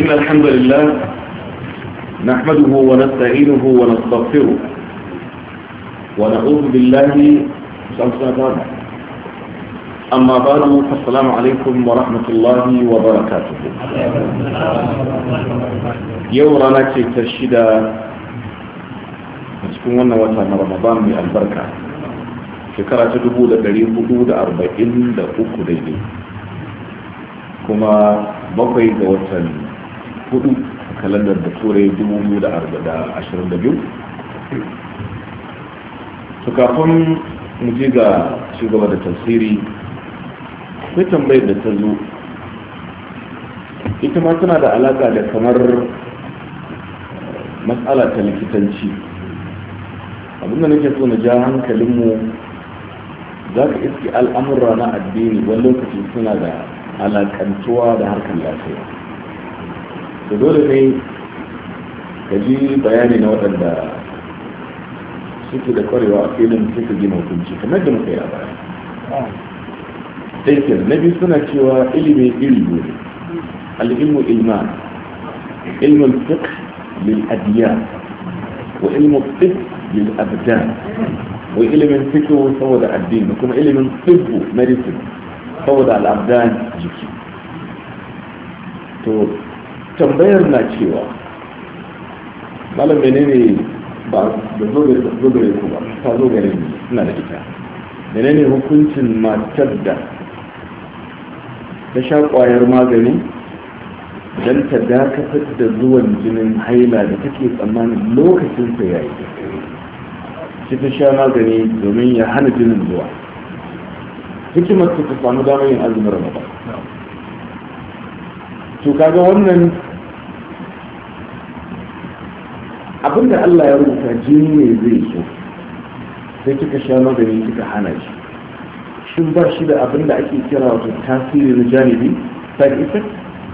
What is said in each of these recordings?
إن الحمد لله نحمده ونستعينه ونستغفره ونعوذ بالله أما بعد فالسلام عليكم ورحمة الله وبركاته يورانا تشهد cikin wannan wata na ramadan mai albarka shekara ta dubu da da da dari hudu arba'in uku kuma bakwai ga watan hudu kalandar da turai 2022 su kafin muje ga shugaba da tasiri, kai tambayar da ta zo ita ma tana da alaka da kamar eh, matsala ta likitanci abinda nake so na ja hankalinmu za ka iske al'amurra na addini wani lokaci suna da alakantuwa da harkar lafiya da dole ne ka ji bayani na waɗanda suke da kwarewa a filin suka gina hukunci kamar da muka yi a baya sai na biyu suna cewa ilimin ilmu ne al'ilmu ilman ilmin fiqh lil adiyan wa ilmu fiqh lil abdan wa ilimin fiqh saboda addini da kuma ilimin fiqh medicine saboda al'abdan jiki to tambayar na cewa malam ne ba da zo gare ku ba ta zo gare suna da ita menene hukuncin matar da ta sha kwayar magani don ta dakatar da zuwan jinin haila da take tsammanin lokacin sa yayi shi ta sha magani domin ya hana jinin zuwa hikimar ta samu damar yin azumin ramadan to kaga wannan abinda Allah ya rubuta jini ne zai so sai kika sha magani kika hana shi shin ba shi da abinda ake kira wato tasirin janibi side effect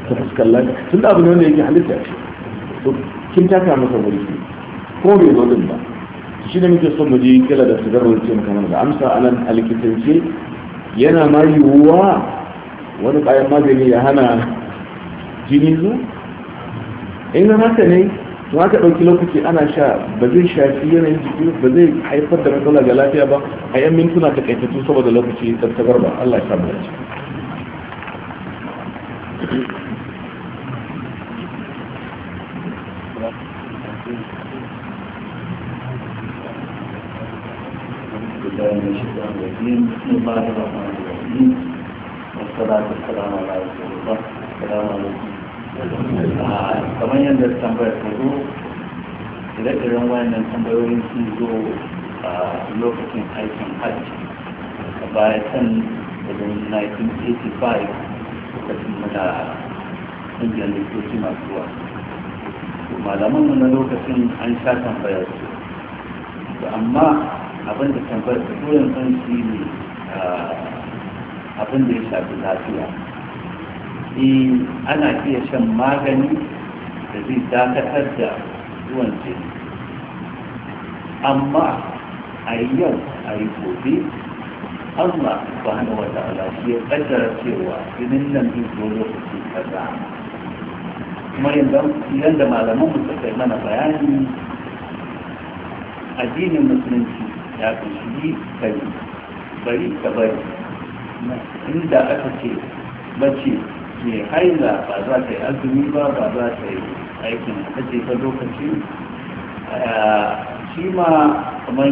ta fuskar lafiya tun da abin wanda yake halitta to kin taka masa wuri ko bai zo din ba shi da muke son mu je kila da su garbar ce kamar da amsa anan alkitance yana ma yiwuwa wani bayan magani ya hana jini zu in na haka ne in aka ɗauki lokaci ana sha ba zai shafi yanayin jiki ba zai haifar da matsala ga lafiya ba a yan mintuna ta kaitattu saboda lokaci tattabar ba Allah ya samu kamar yadda tambayar ta zo ire-iren wayannan tambayoyin sun zo a lokacin aikin hajji a baya can daga 1985 lokacin muna ƙungiyar likitoci masu zuwa malaman mu na lokacin an sha tambayar su amma abin da tambayar ta zo yanzu shi ne ah, abin da ya shafi lafiya eh ana iya shan magani da zai dakatar da zuwan jini amma a yau a yi gobe Allah subhanahu wa ta'ala shi ya kaddara cewa jinin nan zai zo lokaci kaza kuma yadda malaman mu suka mana bayani addinin musulunci ya kunshi kari bari ka bari inda aka ce bace mai haila ba za ta yi azumi ba ba za ta yi aikin hajji ta lokaci shi ma kamar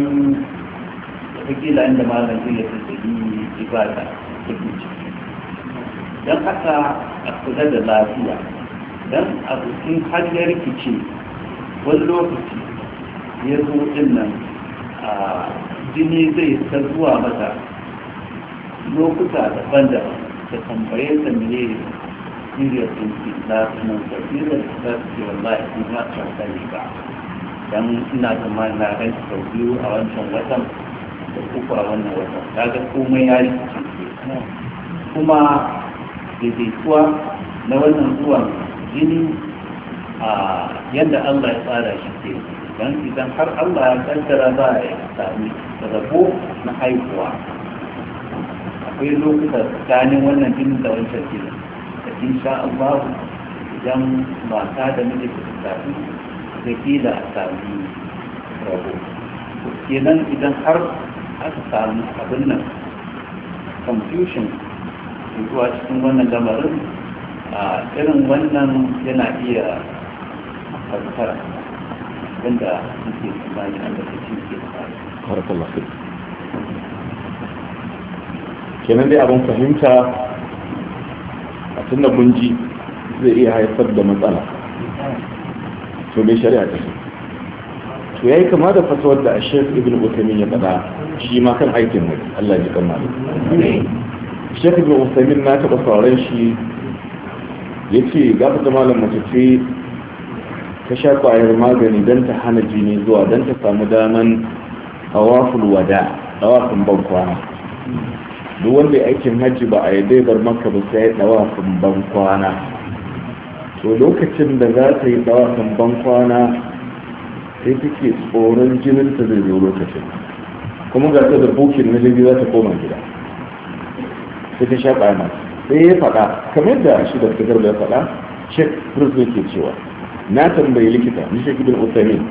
da inda malam zai yadda da yi ibada ta kuce. don haka a kula da lafiya don a cikin hanyar rikice wani lokaci ya zo din nan jini zai ta zuwa mata lokuta daban-daban ta tambaye ta serious na sunan da serious da ke wallahi sun ya sani ba dan ina zama na ran sau biyu a wancan watan da uku a wannan watan kaga komai ya rikice kuma daidaituwa na wannan zuwan jini a yadda Allah ya tsara shi ke don idan har Allah ya kaddara za a sami rabo na haihuwa akwai lokuta tsakanin wannan jinin da wancan jinin in insha Allah idan mata da miji su tafi da kila a sami rabo kenan idan har aka sami abin nan confusion zuwa cikin wannan lamarin a irin wannan yana iya farkar wanda suke tsammani an da cikin ke tsari kenan dai abin fahimta tun mun ji zai iya haifar da matsala to mai shari'a ta so to ya yi kama da fasawar da ashef ibn utaimin ya faɗa shi ma kan aikin mai allah ji kama ne shek ibn utaimin na taɓa sauran shi ya ce gafa ta malam mace ce ta sha ƙwayar magani don ta hana jini zuwa don ta samu daman awafin wada awafin ban kwana duk wanda aikin hajji ba a yi dai bar maka ba sai dawafin ban kwana to lokacin da za ta yi dawafin ban kwana sai take tsoron jinin ta zai zo lokacin kuma ga ta da bukin na jirgi za ta koma gida sai ta shaɓa ma. sai ya faɗa kamar da shi da fitar da ya faɗa shek prus yake cewa na tambayi likita ni shek ibn usamin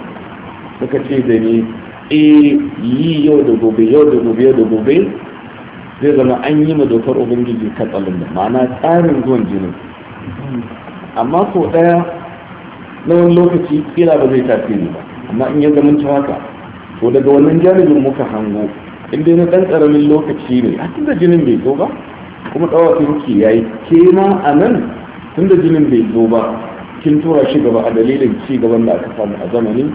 suka ce da ni eh yi yau da gobe yau da gobe yau da gobe zai zama an yi ma dokar ubangiji tsallin da ma'ana tsarin zuwan jinin amma ko ɗaya na wani lokaci kila ba zai tafi ni ba amma in ya zama ta haka to daga wannan janibin muka hango in dai na ɗan ƙaramin lokaci ne a tunda jinin bai zo ba kuma sun ta ya yi ke ma a nan tunda jinin bai zo ba kin tura shi gaba a dalilin ci gaban da aka samu a zamanin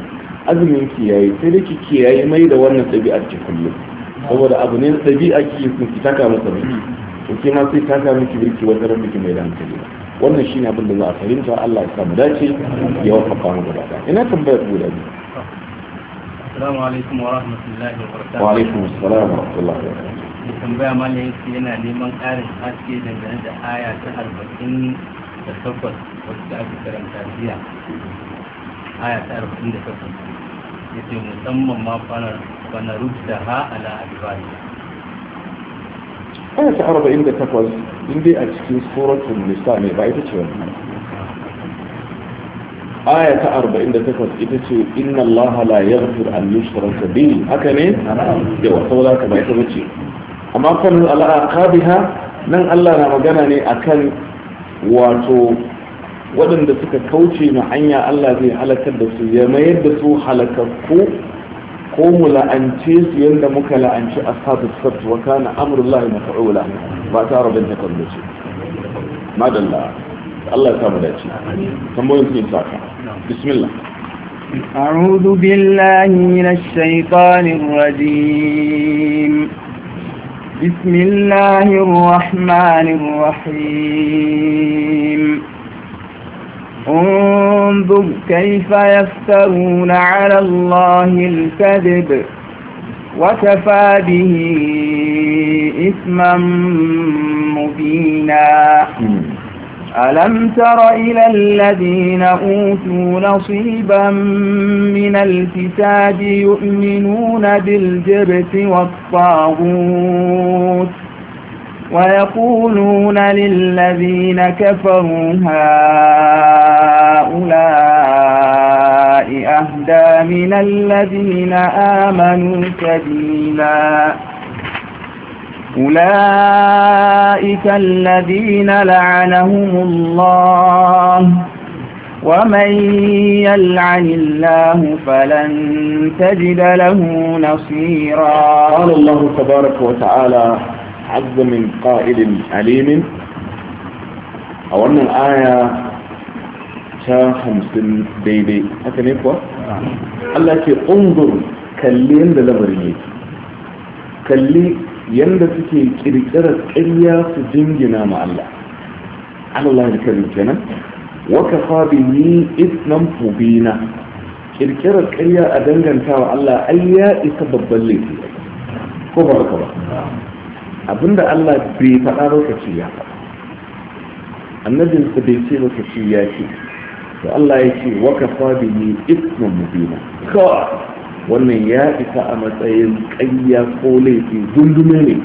azumin kiyaye sai da ki kiyaye mai da wannan ɗabi'ar ki kullum saboda abu ne ɗabi'a ki ki taka masa biki to ke ma sai taka miki birki wata ran miki mai da hankali wannan shine abin da za a fahimta Allah ya samu dace ya wafafa mu gaba ɗaya ina tambayar da ni Assalamu alaikum wa rahmatullahi wa barakatuh. Wa alaikum assalam wa rahmatullahi wa barakatuh. Mai tambaya ne yake yana neman ƙarin haske dangane da aya ta arba'in da takwas wacce aka karanta jiya. Aya ta arba'in da takwas. yake musamman ma fanar فنردها على أدبارها ayata arba'in da takwas inda a cikin suratun nisa ne ba ita ce wani ayata arba'in da takwas ita ce inna Allah la yaghfir an yushraka bihi haka ne yawa saboda ka ba ita bace amma kan al'aqabiha nan Allah na magana ne akan wato waɗanda suka kauce na hanya Allah zai halakar da su ya mayar da su halakakku قوموا لأنتيس يلا مكا لأنتي أصحاب السبت وكان أمر الله مفعولا ما تارى بنتي قلتي ماذا الله الله يتابع لأتي سمبوين في إنساكا بسم الله أعوذ بالله من الشيطان الرجيم بسم الله الرحمن الرحيم انظر كيف يفترون على الله الكذب وكفى به إثما مبينا ألم تر إلى الذين أوتوا نصيبا من الكتاب يؤمنون بالجبت والطاغوت ويقولون للذين كفروا هؤلاء أهدى من الذين آمنوا سبيلا أولئك الذين لعنهم الله ومن يلعن الله فلن تجد له نصيرا قال الله تبارك وتعالى azza min qa'ilin alimin a wannan aya ta hamsin daidai haka ne kuwa Allah ke ungur kalli yadda lamarin yake kalli yadda suke ƙirƙirar ƙarya su jingina ma Allah Allah ya kalli kenan wa kafa bihi isman mubina ƙirƙirar ƙarya a danganta wa Allah ai ya isa babban laifi ko ba ka ba abinda Allah bai faɗa lokaci ya faɗa annabin sa bai ce lokaci ya ce to Allah ya ce wa kafa bi ni ismun mubina ka wannan ya isa a matsayin ƙayya ko laifi dundume ne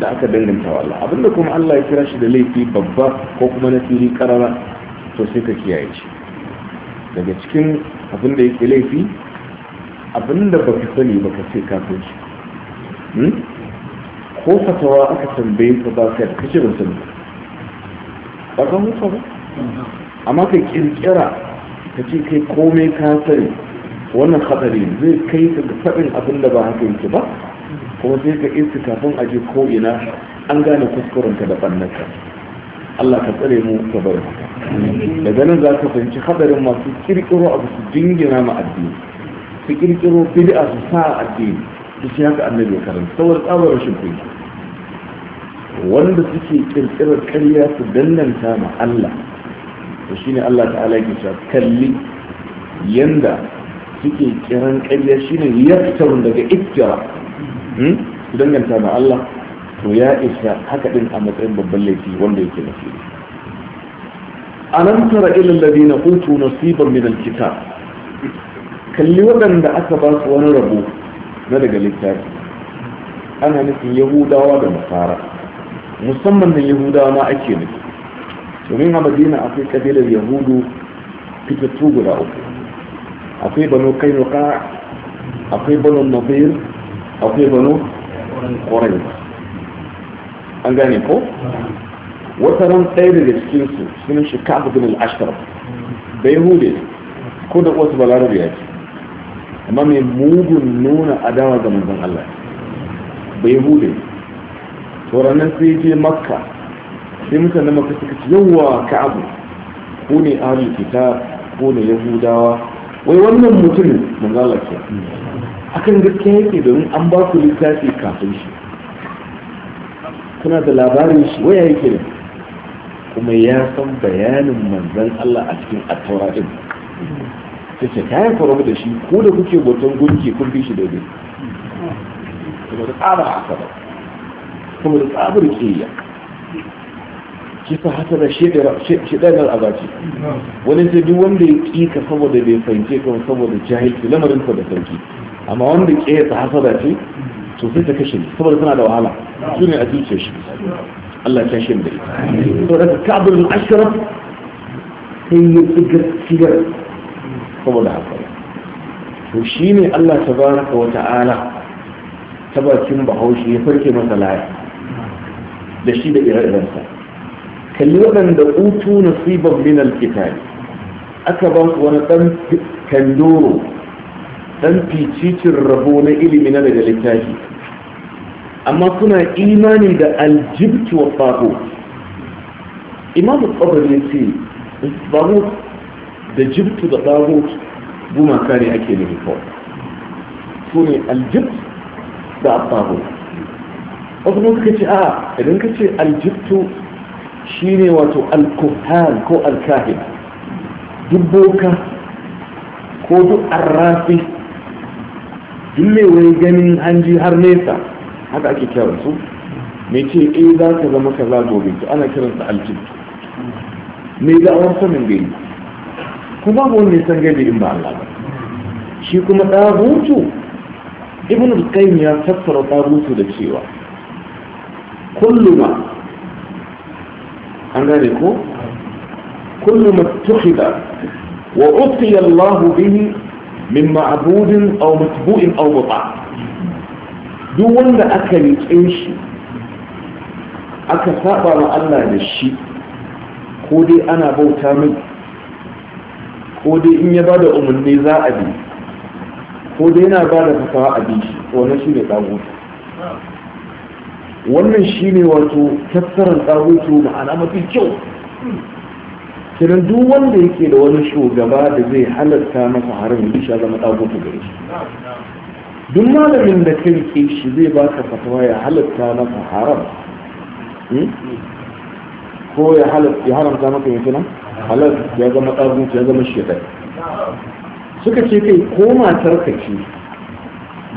da aka danganta wa Allah abinda kuma Allah ya kira shi da laifi babba ko kuma na fili karara to sai ka kiyaye shi daga cikin abinda yake laifi abinda ka sani ba ka ce kafin shi hmm? ko fatawa aka tambaye ka ba ka kace ban sani ba ka mutu ba amma ka kirkira ka ce kai komai ka sani wannan hatsari zai kai ka ga faɗin abin da ba haka yake ba kuma sai ka iska kafin a je ko ina an gane kuskuren ka da ɓannaka Allah ka tsare mu ka bar haka daga nan za ka fahimci hadarin masu kirkiro abu su jingina ma addini su kirkiro bid'a su sa addini duk haka annabi ya karanta saboda tsabar rashin kuɗi wanda suke kirkirar karya su danganta ma Allah to shine Allah ta'ala yake cewa kalli yanda suke kiran karya shine yaktar daga iftira hmm? su danganta ma Allah to ya isa haka din a matsayin babban laifi wanda yake na fili alam tara ila alladhina utu nasiban min alkitab kalli waɗanda aka ba su wani rabo na daga littafi ana nufin yahudawa da nasara musamman da yahudawa ma ake nufi domin a madina akwai kabilar yahudu fitattu guda uku akwai banu kainuka akwai banu nabir akwai banu ƙwarai an gane ko wata ran ɗaya daga cikinsu sunan shi ka'ab bin al-ashraf da yahudi ko da wasu balarabiya ce amma mai mugun nuna adawa ga manzon Allah bai hude tsoron sai je makka sai mutanen makka suka ci yawa abu. ko ne ahlul kitab ko ne yahudawa wai wannan mutum manzon Allah ke akan gaskiya yake domin an ba ku littafi kafin shi kuna da labarin shi waya yake ne kuma ya san bayanin manzon Allah a cikin attaura din take ce kayan faru da shi ko da kuke gwaton gunki kun fi shi daidai kuma da tsaba haka ba kuma da tsabar ke kisa haka da shedanar abaci wani ta bi wanda ya ƙika saboda bai fahimce ka saboda jahilci lamarin ka da sauki amma wanda ke ta hasada ce to sai ta kashe saboda tana da wahala su ne a zuciyar shi Allah ya kashe da ita to daga kabirin ashirar sai yi tsigar saboda haka to ne Allah baraka wa ta'ala ta bakin bahaushe ya farke masa laya da shi da ire-irensa kalli waɗanda utu nasiban min alkitabi aka ba su wani ɗan kandoro ɗan ficicin rabo na ilimi na daga littafi amma kuna imani da aljibci wa faho imamu tsabar ya ce da jibtu da tsago gumaka ne ake nufi kawai su ne aljibt da tsago wasu ne suka ce a idan ka ce aljibtu shi ne wato alkuhan ko alkahin dubboka ko duk arrafi dulle wani ganin hanji har nesa haka ake kyawun su mai ce e za ka zama kaza gobe to ana kiransa aljibtu me za a wasu min gani kuma ba wanda san gaibi in ba Allah ba shi kuma ɗagutu ibn al-qayyim ya tattara ɗagutu da cewa kulluma an gane ko kulluma tukhida wa utiya Allah bihi min ma'budin aw matbu'in aw muta duk wanda aka riƙe shi aka saba ma Allah da shi ko dai ana bauta miki. ko dai in ya bada umarni za a bi ko dai yana bada fasaha a bi shi wannan shi ne tsagutu wannan shi ne wato tattaran tsagutu ma'ana mafi kyau kiran duk wanda yake da wani shugaba da zai halatta masa harin ya sha zama tsagutu gare shi duk malamin da kai ke shi zai ba ka fatawa ya halatta maka haram hmm? ko ya haramta maka yankinan? halal ya zama tsarunci ya zama shekar suka ce kai ko matar ka ce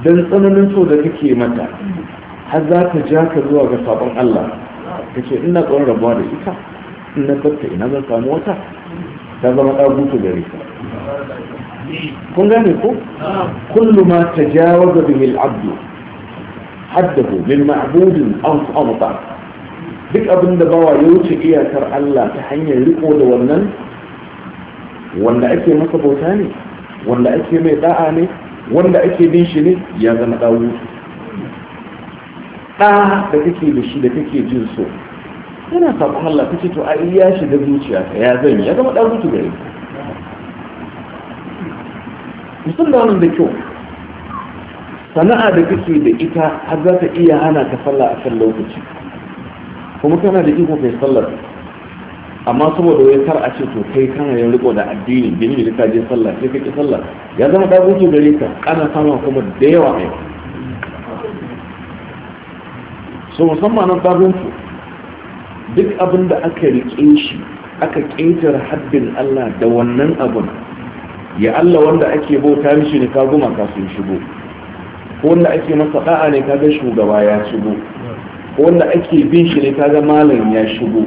don tsananin so da kake mata har za ta ja ka zuwa ga sabon Allah ka ce ina tsoron rabuwa da ita ina tsarta ina zan samu wata ta zama ɗagutu gare kun gane ko Kulluma ta tajawaza ga al-abdu haddahu lil ma'budin aw amta duk abin da bawa ya wuce iyakar Allah ta hanyar riko da wannan wanda ake masa bauta ne wanda ake mai da'a ne wanda ake bin shi ne ya zama dawo da da kake da shi da kake jin so yana sabon Allah kace to a iya shi da zuciya ya zan ya zama dawo gare ka da wannan da kyau sana'a da kake da ita har za ta iya hana ka sallah a kan lokaci kuma kana da iko kai sallar amma saboda wai kar a ce to kai kana yin riko da addini gini da kaje je sallah sai kake sallah ya zama da gudu gare ka ana samun kuma da yawa ne so musamman nan babin duk abin da aka rike shi aka ƙetare haddin Allah da wannan abun ya Allah wanda ake bauta mishi ne ka guma ka sun shigo ko wanda ake masa da'a ne ka ga shugaba ya shigo wanda ake bin shi ne ga malam ya shigo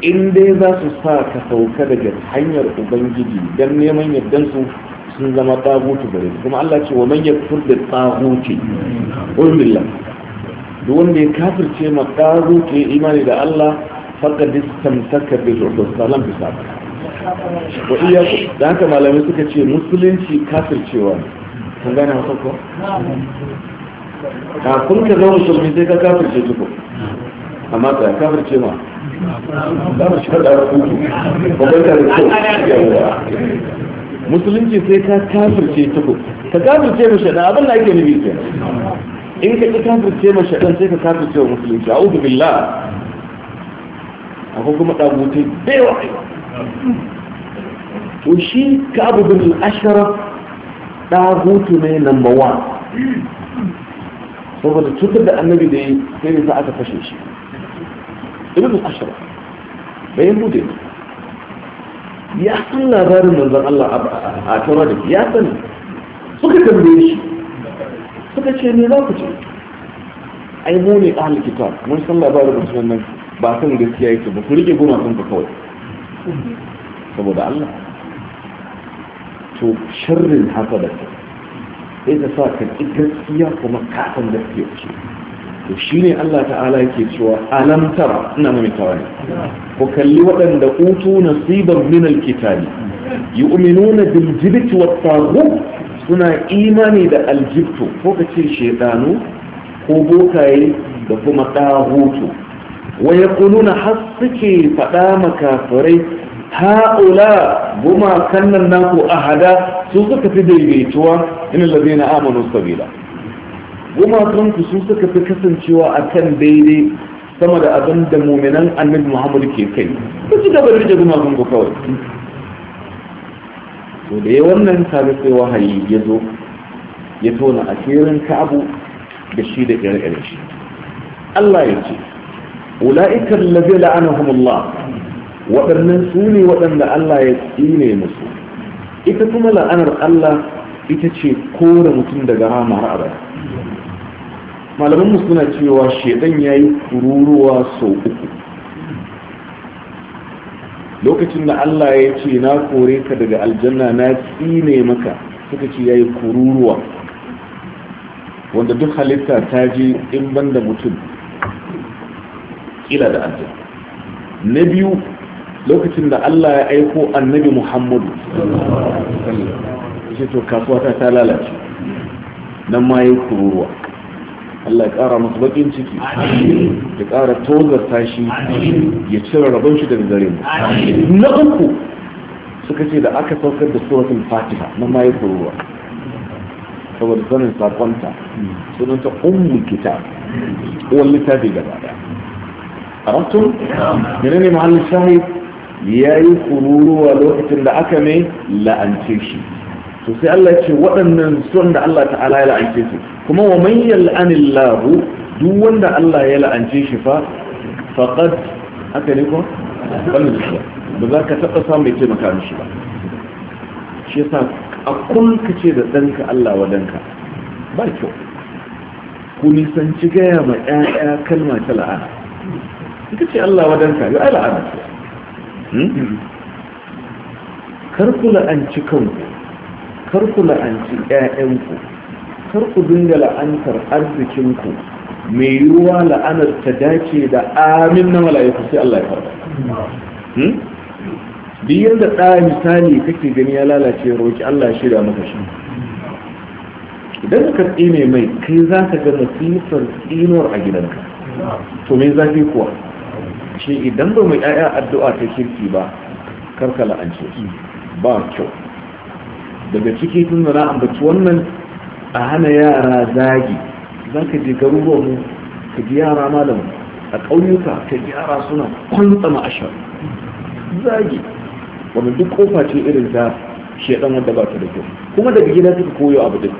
in dai za su sa ka sauka daga hanyar ubangiji don neman yardansu sun zama tsagoci gare kuma Allah ce wa man yakfur da tsaguti ulmillah duk wanda ya kafirce ma tsagoci imani da Allah faqad istamsaka bil salam bi sabr wa iyyaku da haka malamai suka ce musulunci kafircewa kun gane haka ko kun ka zama musulmi sai ka kafirce tuku amma ka kafirce ma musulunci sai ka kafirce tuku ka kafirce mu shaɗan abin da ake nufi ke in ka ƙi kafirce mu shaɗan sai ka kafirce wa musulunci a ubi billah akwai kuma ɗagutai da yawa to shi ka abu bin ashara ne number one فقال شو تبدأ النبي ده فين ساعة فشيش ابن الأشرة بين بودين يا سنة غير من ذا الله أعترادك يا سنة سكة تبديش سكة شيء نظافة شيء أيموني أهل الكتاب من سنة غير من سنة باسم دي سيايته بفريق يقول عن سنة قوي فبدأ الله شو شر حصدك sai ta sa ka ƙi gaskiya kuma kafin gaskiya ce to shi ne Allah ta'ala yake cewa alam tara ina mamitawa ne ku kalli waɗanda utu nasiban min alkitabi yu'minuna bil jibti wat taghut suna imani da aljibtu ko ka ce shedanu ko bokaye da kuma tahutu wa yaquluna har suke faɗa makafirai ha'ula gumakan nan naku ahada su suka fi daidaituwa in allazina amanu sabila gumakan ku su suka fi kasancewa akan daidai sama da abin da muminan annabi Muhammad ke kai ku ci gaba da rike gumakan ku kawai to da ya wannan sabi sai wahayi ya zo ya tona asirin ka'abu da shi da ƙirƙirin shi Allah ya ce ula'ikar labi la'anahumullah waɗannan su ne waɗanda Allah ya tsine musu ita kuma la'anar Allah ita ce kore mutum daga rama har abada malaman suna cewa shedan ya yi kururuwa sau uku lokacin da Allah ya ce na kore ka daga aljanna na tsine maka suka ce ya yi kururuwa wanda duk halitta ta je in banda mutum kila da aljanna na biyu lokacin da Allah ya aiko annabi Muhammad shi to kasuwa ta lalace nan ma yi kururuwa Allah ya ƙara masu baƙin ciki ya ƙara tozarta shi ya cire rabon shi daga gare mu na uku suka ce da aka saukar da suratul fatiha na ma yi kururuwa saboda sanin sakonta ta ummu kitab uwan littafi gaba daya a rattun ne mahallin shahid ya yi kururuwa lokacin da aka mai la'ance shi to sai Allah ce waɗannan son da Allah ta'ala ya la'ance su kuma wa man yal'anillahu duk wanda Allah ya la'ance shi fa faqad aka ne ko wannan shi ba za ka taɓa samu mai taimaka mishi ba shi yasa a kun ka ce da ɗanka Allah wa ɗanka ba kyau ku nisanci gaya ma ƴaƴa kalma ta la'ana ita ce Allah wa ɗanka ya ai la'ana Hmm? karku la'anci kanku karku la'anci 'ya'yanku, karku ku dinga la'antar arzikinku mai yiwuwa la'anar ta dace da amin na mala'iku sai Allah ya farka hmm? duk yadda ɗaya misali kake gani ya lalace roƙi Allah ya shirya maka shi idan ka tsine mai kai za ka ga nasifar tsinuwar a gidanka to mai zafi kuwa shi idan ba mu yaya addu'a ta kirki ba an la'ance ba kyau daga ciki tun zana ambaci wannan a hana yara zagi za ka je ba mu ka ji yara malam a ƙauyuka ka ji yara suna kwanta ma'ashar zagi wanda duk kofa ce irin ta shedan wanda ba ta da kyau kuma daga gida suka koyo abu duk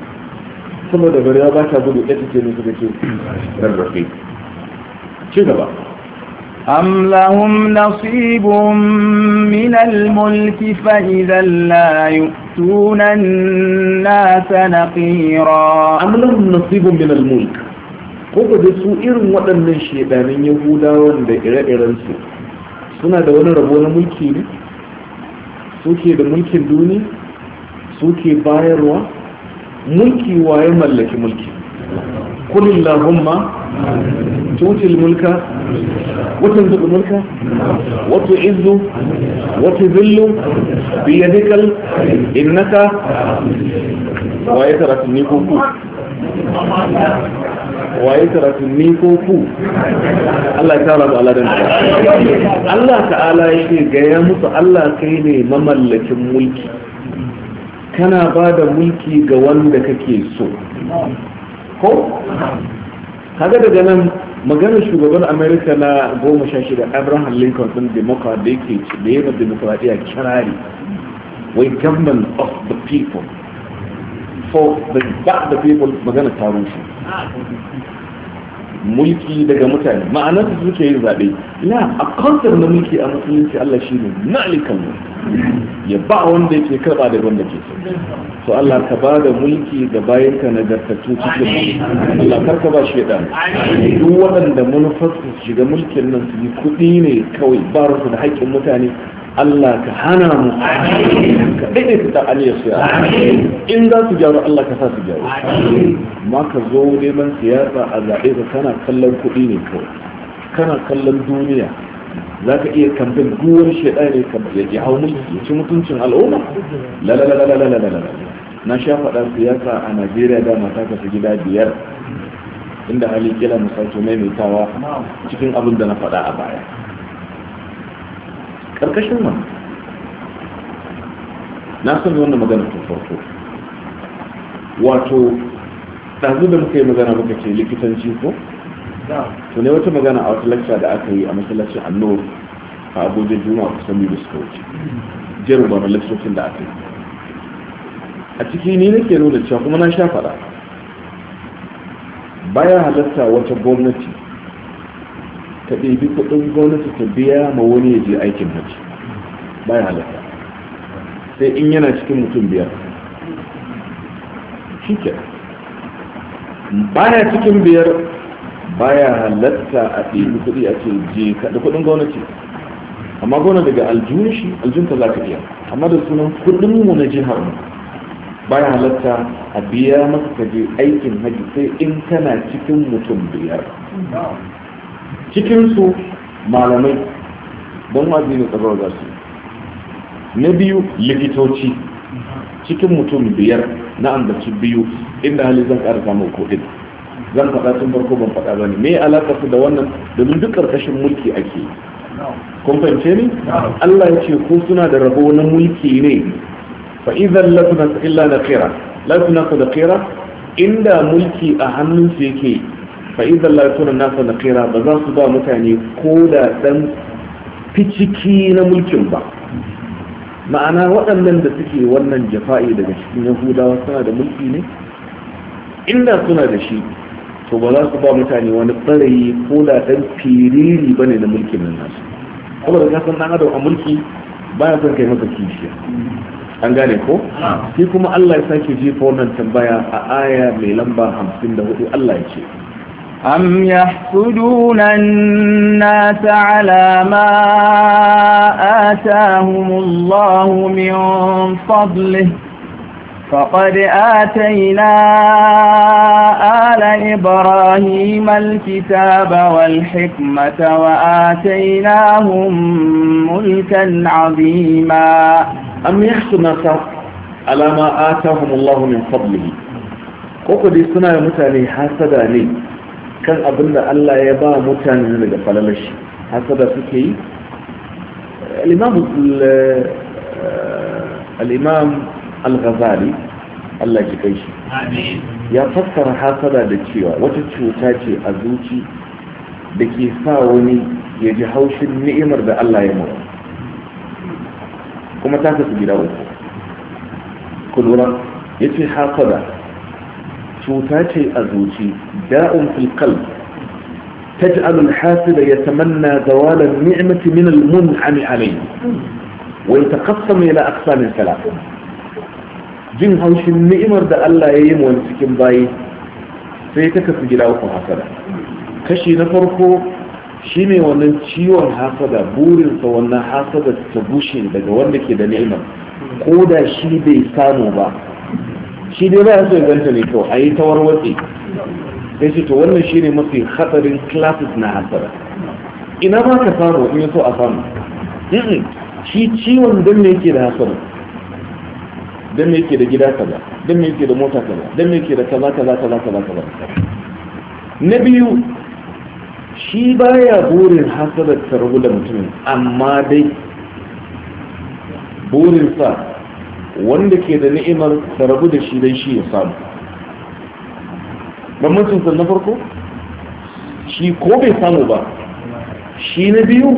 saboda bari ba ta gudu ɗaya ce ne suka ce rarrafe ci gaba أم لهم نصيب من الملك فإذا لا يؤتون الناس نقيرا أم لهم نصيب من الملك ko da su irin waɗannan shaidanin yahudawan da ire-irensu suna da wani rabo na mulki ne suke da mulkin duniya suke bayarwa mulki waye mallaki mulki kulillahumma tutil mulka وتنزل الملك وتعز وتذل بيدك إنك ويترك النيكوكو ويترك النيكوكو الله تعالى على ذلك الله تعالى يشير قيامك الله كيني مملك الملك كان بعد da mulki ga wanda kake so ko kaga daga nan maganar shugaban amerika na goma sha shida abraham lincoln sun democrat da yake da yana demokradiyya kirari wai government of the people for the back the people magana taron shi mulki daga mutane ma'anar suke yin zaɓe la a kansar na mulki a musulunci Allah shi ne malikan ya ba wanda yake karɓa da wanda ke so so Allah ka ba da mulki ga bayan ka nagartattu cikin Allah kar ka ba shi da duk waɗanda manufar su shiga mulkin nan su yi kuɗi ne kawai ba su da haƙƙin mutane Allah ka hana mu ka su ta aliyar su in za su gyaru Allah ka sa su gyaru ma ka zo neman siyasa a zaɓe ka kana kallon kuɗi ne kawai kana kallon duniya za ka iya kamfen duwar shaɗa ne kamar ya hau ya ci mutuncin al'umma lalalalalalalalala na sha faɗa siyasa a najeriya da mata ka gida biyar inda hali kila mu sake maimaitawa cikin abin da na faɗa a baya ƙarƙashin ma, na san wannan magana ta farko wato ɗazu da muka yi magana muka ce likitanci ko? to ne wata magana a wata lakta da aka yi a masallacin hannu a abuja juma a kusan biyu da suka wuce jerin bana lakcocin da aka yi a ciki ni nake nuna cewa kuma na sha faɗa baya halatta wata gwamnati ka ɗebi kuɗin gwamnati ta biya ma wani ya je aikin hajji bayan halatta sai in yana cikin mutum biyar shi ke baya cikin biyar baya halatta a ɗebi kuɗi a ce je da kuɗin gwamnati amma gona daga aljihun shi aljihun ta za ka iya amma da sunan kuɗin mu na jihar mu baya halatta a biya maka ka je aikin hajji sai in kana cikin mutum biyar cikinsu malamai don wazi ne tsaro za su na biyu likitoci cikin mutum biyar na ambaci biyu inda hali zan ƙara samun kuɗin zan faɗa tun farko ban faɗa ba ne me alaƙa su da wannan domin duk ƙarƙashin mulki ake kun fahimce ni Allah ya ce ko suna da rabo na mulki ne fa idan la illa da qira la ku da qira inda mulki a hannun su yake fa idan la na nasa naqira ba za su ba mutane ko da ɗan ficiki na mulkin ba ma'ana waɗannan da suke wannan jafa'i daga cikin yahudawa suna da mulki ne inda suna da shi to ba za su ba mutane wani ɓarayi ko da ɗan firiri ba ne na mulkin nan nasu kuma da ka san ɗan adam a mulki Ba ya son kai masa kishiya an gane ko sai kuma Allah ya sake jefa wannan tambaya a aya mai lamba hamsin da hudu Allah ya ce أم يحسدون الناس على ما آتاهم الله من فضله فقد آتينا آل إبراهيم الكتاب والحكمة وآتيناهم ملكا عظيما أم يحسدون الناس على ما آتاهم الله من فضله وقد يصنع متى لي kan abin da Allah ya ba mutane daga falalashi hasada suke yi al'imam eh, al-ghazali Allah ki kai shi ya fassara hasada da cewa wata cuta ce a zuci da ke sa wani ya ji haushin ni'imar da Allah ya mawa kuma ta kasu gida uku kulura ya ce hasada cuta ce a zuci داء في القلب تجعل الحاسد يتمنى زوال النعمة من المنعم عليه ويتقسم إلى أقسام ثلاثة جن هوش النعمة دا الله يهيم وانسكين باي سيتكف جلاوك هكذا كشي نفرقه شيمي وانن الحاسدة بورن فوانا حاسدة تبوشن دا جوانك دا نعمة قودا شي بيسانو با شي دي يبنتني تو اي تور sai ce to wannan shi ne mafi hatsarin classes na hasara ina ba ka samu in so a samu shi ciwon don me yake da hasara don me yake da gida kaza don me yake da mota kaza don me yake da kaza kaza kaza kaza kaza na biyu shi baya burin hasarar ta rabu da mutumin amma dai burinsa wanda ke da ni'imar ta rabu da shi dai shi ya samu bambancin sun na farko shi ko bai samu ba shi na biyu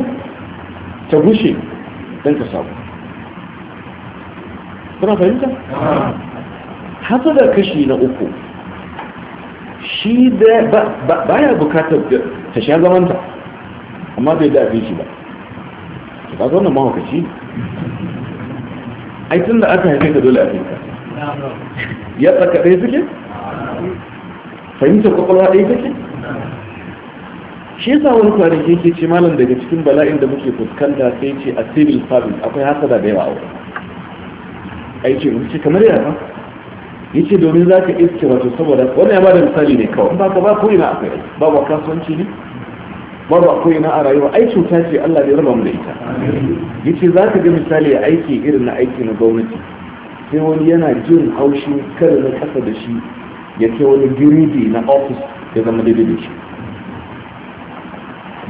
ta gushe don ka samu suna fahimta? da kashi na uku shi da ba ya bukatar ta sha zamanta amma bai da abinci ba ta ba zaune mahaukaci Aikin da aka haife dole a finka ya tsaka ɗaya suke? fahimtar kwakwalwa ɗaya take shi yasa wani kwanaki ke ce malam daga cikin bala'in da muke fuskanta sai ce a civil service akwai hasada da yawa a wurin ai ce mun ce kamar yana ya ce domin za ka iske wato saboda wannan ya ba da misali ne kawai ba ka ba ko ina akwai ba ba kasuwanci ne ba ba ko ina a rayuwa ai cuta ce Allah ne raba mu da ita ya ce za ka ga misali aiki irin na aiki na gwamnati sai wani yana jin haushin kada na kasa da shi ya ce wani giridi na ofis ya zama daidai da shi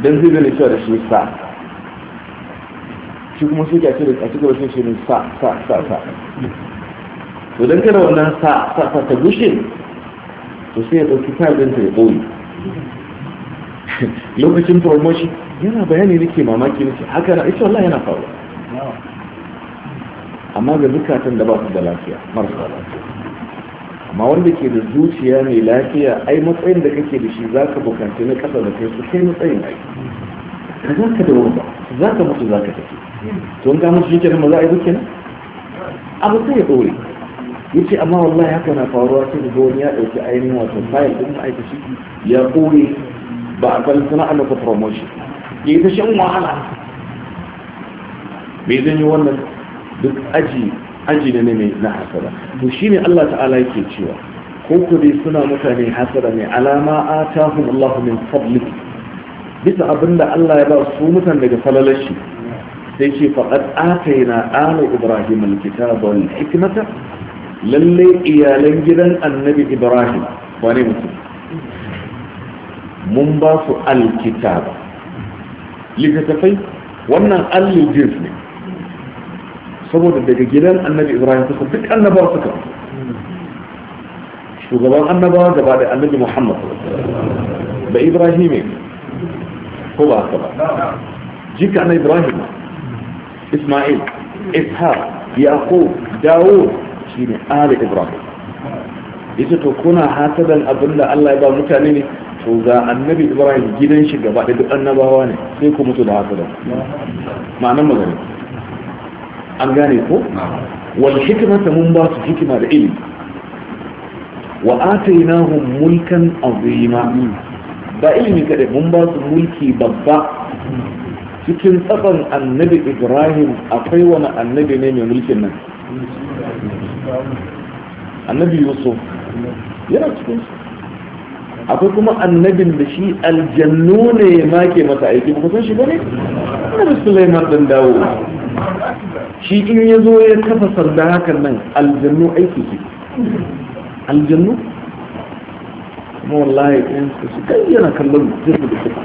don zai gane cewa da shi sa shi kuma shi kyace da a cikin shi ne sa sa sa sa to don kada wannan sa sa sa ta gushe to sai ya ɗauki kayan ta ya ɓoye lokacin promotion yana bayani nake mamaki nake haka na ita wallahi yana faruwa amma ga zukatan da ba su da lafiya marasa lafiya amma wanda ke da zuciya mai lafiya ai matsayin da kake da shi za ka bukanci na kasa da kai su kai matsayin ai ka za ka da ba za ka mutu za ka tafi to ga mutu shi ma maza a yi duke nan abu sai ya ɗore ya ce amma wallahi haka na faruwa sai da wani ya ɗauki ainihin wato fayil ɗin ma'aikaci ya ɗore ba a kan suna da ka promotion ya yi ta shan wahala me zan yi wannan duk aji aji ne mai na hasada to shine Allah ta'ala yake cewa ko ku dai suna mutane hasada ne alama atahum Allah min fadlik bisa abinda Allah ya ba su mutan daga falalashi sai ce faqad atayna ala ibrahim alkitaba wal hikmata lalle iyalan gidan annabi ibrahim wane mutum mun ba su alkitaba littattafai wannan allin jins ne saboda daga gidan annabi ibrahim suka duk annabawa suka shugaban annabawa gaba da annabi muhammad da ibrahim ko ba haka ba jika na ibrahim isma'il Ishar yaqub Dawo shine ali ibrahim yace to kuna hasadan abinda Allah ya ba mutane ne to ga annabi ibrahim gidan shi gaba da duk annabawa ne sai ku mutu da hasadan ma'anar magana an gane ko wal hikmata mun ba su hikima da ilimi wa atainahum mulkan azima ba ilimi kadai mun ba su mulki babba cikin tsaban annabi ibrahim akwai wani annabi ne mai mulkin nan annabi yusuf yana cikin su akwai kuma annabin da shi aljannu ne ma ke masa aiki ba san shi ba ne? annabi sulaiman dan dawo shi in ya zo ya kafa sanda hakan nan aljannu aiki su aljannu kuma wallahi ɗin su su kai yana kallon jirgin da suka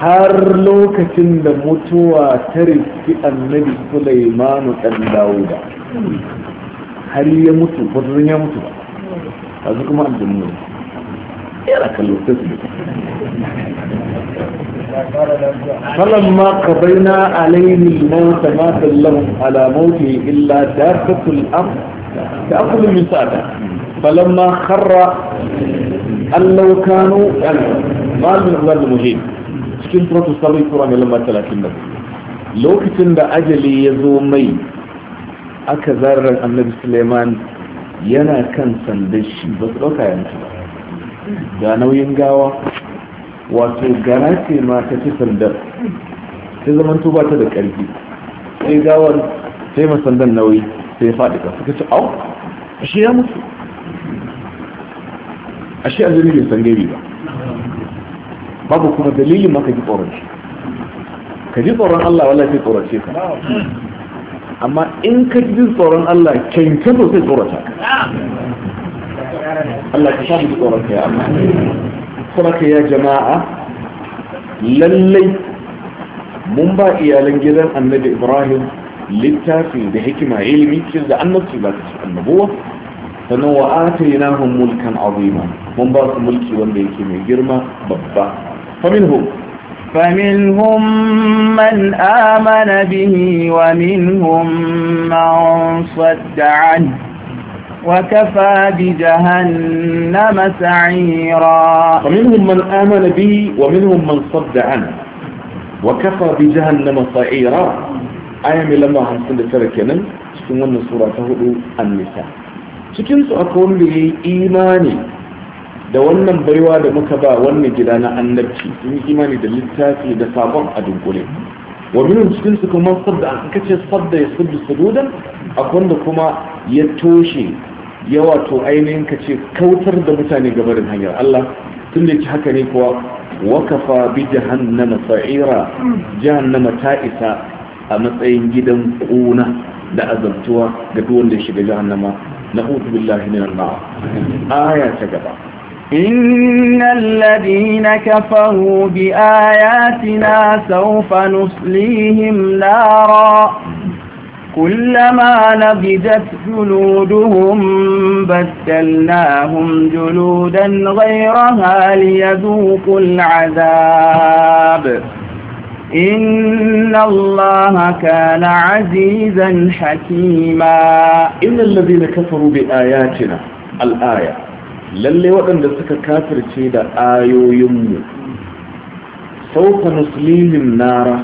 har lokacin da mutuwa ta riski annabi sulaimanu ɗan dawuda har ya mutu ba ya mutu ba a kuma aljannu yana kallon jirgin da فلما قضينا عليه الموت ما دلهم على موته إلا دابة الأرض تأكل من فلما خر أن لو كانوا ما من أولاد cikin turatu sabai tura mai lambar talatin da lokacin da ajali ya zo mai aka zarar annabi suleiman yana kan sandan shi ba su ɗauka yanzu da nauyin gawa wato gara ce ma ta ci sandar sai zaman tuba ta da ƙarfi sai gawar sai sandar nauyi sai faɗi ka suka ci au ashe ya mutu ashe a zini bai san gari ba babu kuma dalilin maka ji tsoron shi ka ji tsoron Allah wallahi sai tsorace ka amma in ka ji tsoron Allah kyankyanto sai tsorata ka Allah ka sha mu tsoron ka ya amma. saraka ya jama'a lallai mun ba iyalan gidan annabi ibrahim littafi da hikima ilimi ce da annabci ba su annabuwa sannan wa atainahum mulkan azima mun ba su mulki wanda yake mai girma babba faminhum فمنهم من آمن به ومنهم من صد عنه وكفى بجهنم سعيرا ومنهم من آمن به ومنهم من صد عنه وكفى بجهنم سعيرا آية من لما حسن تركنا سنوان سورة النساء cikin su akwai wanda ya yi imani da wannan baiwa da muka ba wannan gida na annabci sun yi imani da littafi da sabon a dunkule wa minun cikin su kuma sadda an kace sadda ya sudu sududan akwai wanda kuma ya toshe yawa to ainihin ka ce kautar da mutane gabarin hanyar Allah tun da ci haka ne kuwa wakafa bi jahannama sa'ira jahannama ta isa a matsayin gidan kuna da azabtuwa ga duk wanda ya shiga jahannama na utu billahi min al aya ta gaba إن الذين كفروا بآياتنا سوف نصليهم نارا كلما نضجت جلودهم بدلناهم جلودا غيرها ليذوقوا العذاب إن الله كان عزيزا حكيما إن الذين كفروا بآياتنا الآية للي وقم لسك كافر تيدا آيو يمو سوف نصليهم نارا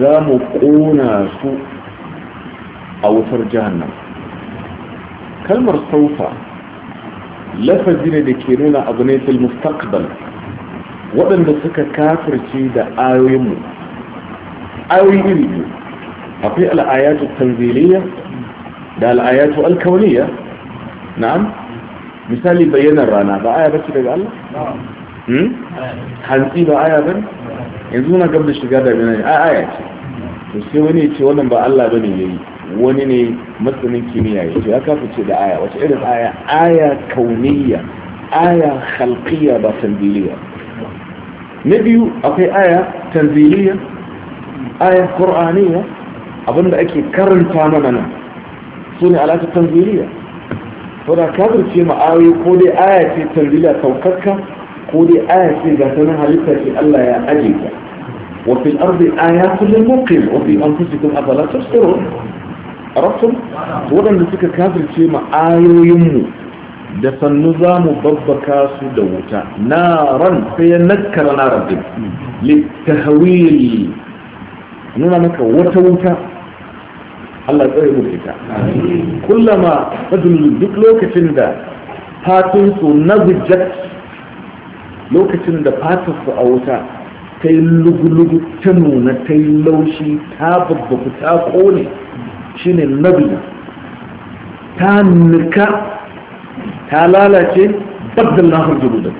ذا مقونا سوء a wutar jahannam kalmar saufa lafazi ne da ke nuna abu ne fil mustaqbal waɗanda suka kafirce da ayoyinmu ayoyi iri biyu akwai al'ayatu tanziliya da al'ayatu alkauniya na'am misali bayyanar rana ba aya bace daga Allah hmm? hantsi ba aya ba yanzu na gab da shiga da aya ce to sai wani ya ce wannan ba Allah bane yayi wani ne matsanin kimiyya ya ce ya kafa ce da aya wace irin aya aya kauniyya aya halkiya ba tanziliya na biyu akwai aya tanziliya aya qur'aniyya abinda ake karanta mana nan su ne alaƙa tanziliya to da kafin kafirce ma'awi ko dai aya ce tanziliya saukakka ko dai aya ce ga sanin halitta ce Allah ya aje ta وفي الأرض آيات للمقيم وفي أنفسكم abala تبصرون arabtum waɗanda suka kafirce ma'ayoyinmu da sannu za mu babbaka su da wuta ran sai ya nakkara naran din littahawili nuna maka wata wuta Allah tsare mu ita kullama fadul duk lokacin da fatin su nazijat lokacin da fatin su a wuta ta yi lugulugu ta nuna ta yi laushi ta babbaku ta kone shine nabi ta nika ta lalace babban lahar jirudar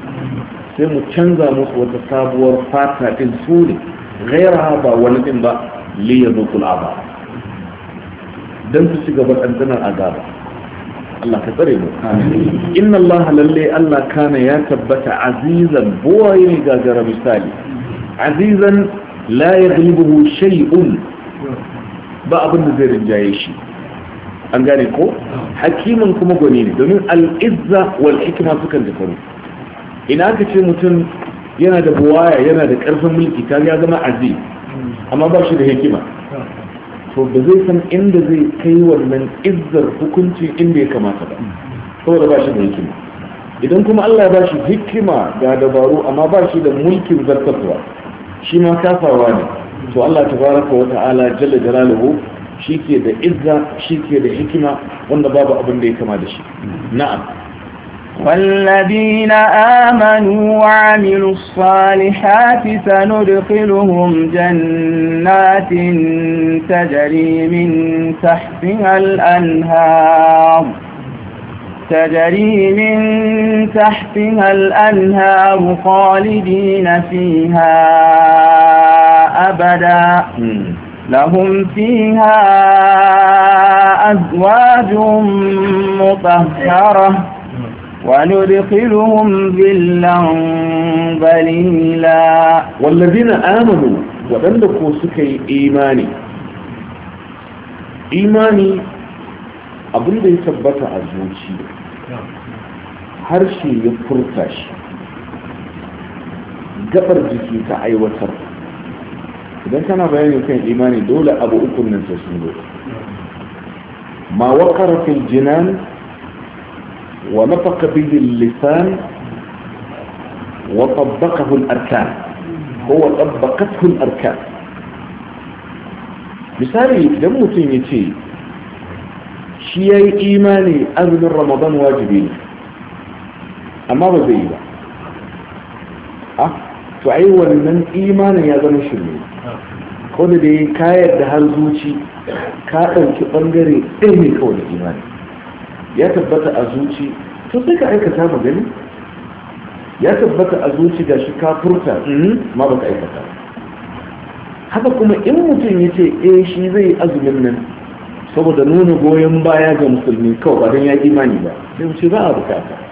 sai mu canza musu wata sabuwar fata din su ne gaira ba wani din ba liya zokul aba don su ci gaba ɗanɗanar azaba Allah ka tsare mu inna Allah lalle Allah kana ya tabbata azizan buwaye ne gagara misali azizan la ya shay'un ba abin da zai rinjaye shi an gane ko hakimin kuma gwani ne domin al'izza wal hikima sukan da ina aka ce mutum yana da buwaya yana da karfin mulki ta ya zama aji, amma ba shi da hikima to da zai san inda zai kai wannan izzar hukuncin inda ya kamata ba saboda ba shi da hikima idan kuma Allah ba shi hikima ga dabaru amma ba shi da mulkin zartaswa shi ma kafawa ne to Allah tabaraka wa ta'ala jalla jalaluhu shike da izza shike da hikima wanda babu abin da ya kama da shi na'am والذين آمنوا وعملوا الصالحات سندخلهم جنات تجري من تحتها الأنهار تجري من تحتها الأنهار خالدين فيها أبدا لهم فيها أزواج مطهرة وندخلهم ذلا ظليلا والذين آمنوا وأنكوا سكي إيماني إيماني abin da ya tabbata a zuci harshe ya furta shi gabar jiki ta aiwatar idan kana bayani kan imani dole abu uku nan sai sun zo ma waqara fil jinan wa nafaqa bihi lisan wa tabbaqahu al arkan huwa tabbaqathu al arkan misali idan mutum yace shi yayi imani azumin ramadan wajibi ne amma ba zai yi ba a ah, to ai wannan imanin ya zama shi ne ko da dai ka yarda har zuci ka ɗauki ɓangare ɗaya ne kawai da imani ya tabbata a zuci to sai ka aikata magani ya tabbata a zuci ga shi ka furta mm-hmm. ma ba ka aikata haka kuma in mutum ya ce eh shi zai azumin nan saboda nuna goyon baya ga musulmi kawai ba don ya imani ba sai mu ce ba a bukata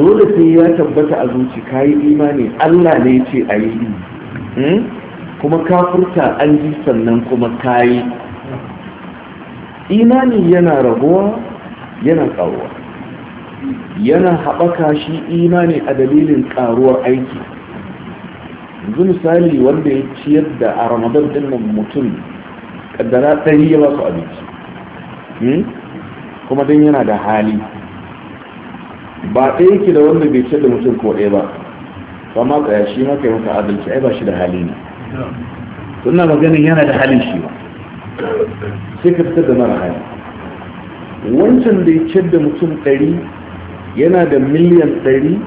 dole sai ya tabbata a zuci ka yi imani allah ne ya ce a yi hmm? kuma ka furta an ji sannan kuma ka yi imani yana rabuwa, yana ƙaruwa yana haɓaka shi imani a dalilin ƙaruwar aiki yanzu misali wanda ya ciyar da a ramadan dinnan mutum kaddara ɗari ya ba su abinci hmm? kuma don yana da hali ba ɗaya yake da wanda bai ce da mutum ko ɗaya ba ba ma tsaya shi ma kai maka adalci ai ba shi da hali ne suna maganin yana da halin shi ba sai ka fitar da mara hali wancan da ya ce da mutum ɗari yana da miliyan ɗari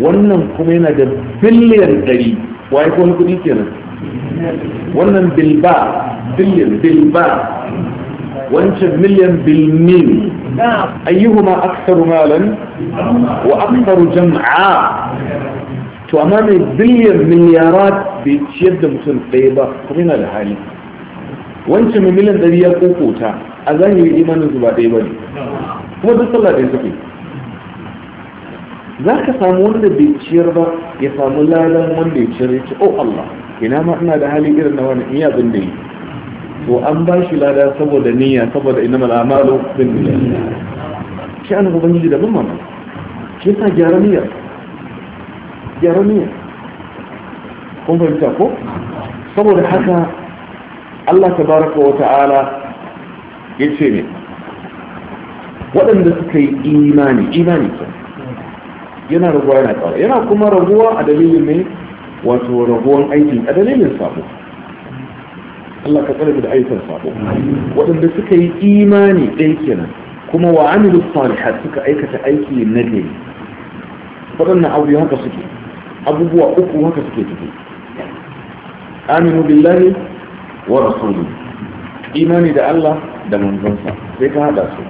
wannan kuma yana da biliyan ɗari waye ko wani kuɗi kenan wannan bilba biliyan bilba wancan miliyan bilmin ayyuhuma aksaru malan wa aksaru jam'a to amma mai biliyan miliyarat bai ciyar da mutum ɗaya ba kuma yana da hali wancan mai miliyan ɗari ya kokota a zahiri imanin su ba ɗaya ba ne kuma duk sallah ɗaya suke za ka samu wanda bai ciyar ba ya samu ladan wanda ya ciyar ya ce oh Allah ina ma ina da hali irin na wani iya abin da yi to an ba shi lada saboda niyya saboda ina innamal a'malu bin niyya. shi an ubangiji da mamma shi yasa gyara niyya gyara niyya kun fahimta ko saboda haka Allah tabaraka wa ta'ala yace ne waɗanda suka yi imani imani yana raguwa yana tsara yana kuma raguwa a dalilin ne wato raguwan aikin a dalilin sabo Allah ka tsare da aikin sabo waɗanda suka yi imani ɗaya kenan kuma wa amilu salihat suka aikata aiki na gari waɗannan aure haka suke abubuwa uku haka suke tafi aminu billahi wa rasulu imani da Allah da manzonsa sai ka hada su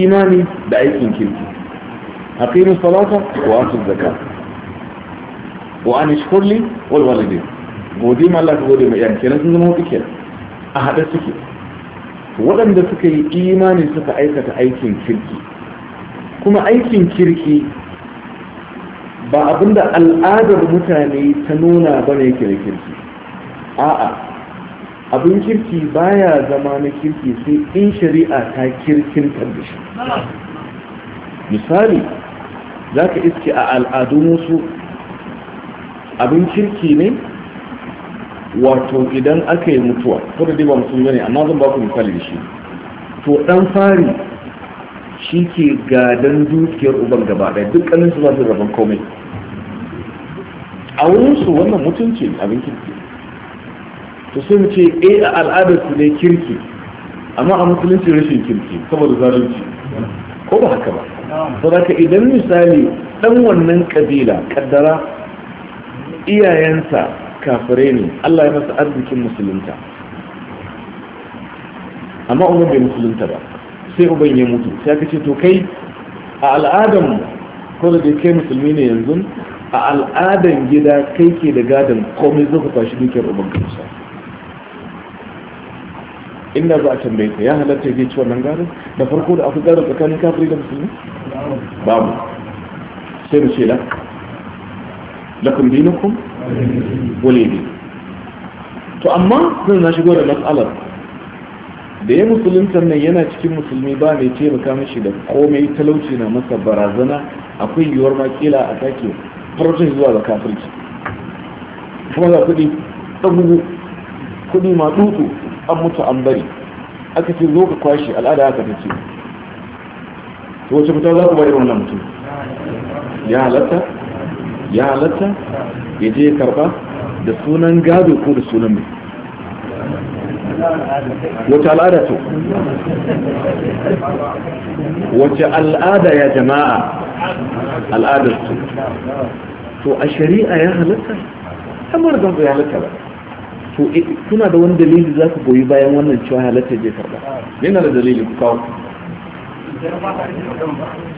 imani da aikin kirki aqimu salata wa atu zakat wa an ishkur li wal walidin gode ma Allah ka gode ma iyayen kenan sun zama hudu kenan a haɗe suke waɗanda suka yi imani suka aikata aikin kirki kuma aikin kirki ba abinda al'adar mutane ta nuna ba ne yake da kirki a'a abin kirki baya zama na kirki sai in shari'a ta kirkin da shi misali za ka iske a al'adun wasu abin kirki ne wato idan aka yi mutuwa ko da dai ba musulmi ne amma zan ba ku misali da shi to dan fari shi ke gadan dukiyar uban gaba ɗaya dukkanin su za su rabon komai a wurin su wannan mutunci abin kirki to sai mu ce eh, a al'adar su ne kirki amma a musulunci rashin kirki saboda zalunci ko ba haka ba saboda idan misali dan wannan kabila kaddara iyayensa kafire ne Allah ya masa arzikin musulunta amma umar bai musulunta ba sai uban ya mutu sai aka ce to kai a al'adan ko da kai musulmi ne yanzu a al'adan gida kai ke da gadon komai zaka kwashi dukiyar uban kansa inda za a tambaye ka ya halatta ya ci wannan gadon da farko da aka gadon tsakanin kafiri da musulmi babu sai mu ce da lakum dinukum waliyi to amma zan na shigo da matsalar da ya musulunta nan yana cikin musulmi ba mai taimaka mishi da komai talauci na masa barazana akwai yiwuwar makila a sake farashin zuwa ga kafirci kuma za kuɗi ɗagugu kuɗi ma dutu an mutu an bari aka ce zo ka kwashe al'ada aka ta ce wace fita za ku bari wannan mutum ya halatta ya halatta ya je ya karba da sunan gado ko da sunan mai wata al'ada to wace al'ada ya jama'a al'adar su to a shari'a ya halatta kamar don ya halatta ba to eh, kuna da wani dalili za ku goyi bayan wannan cewa halatta je karba yana da dalili ku kawo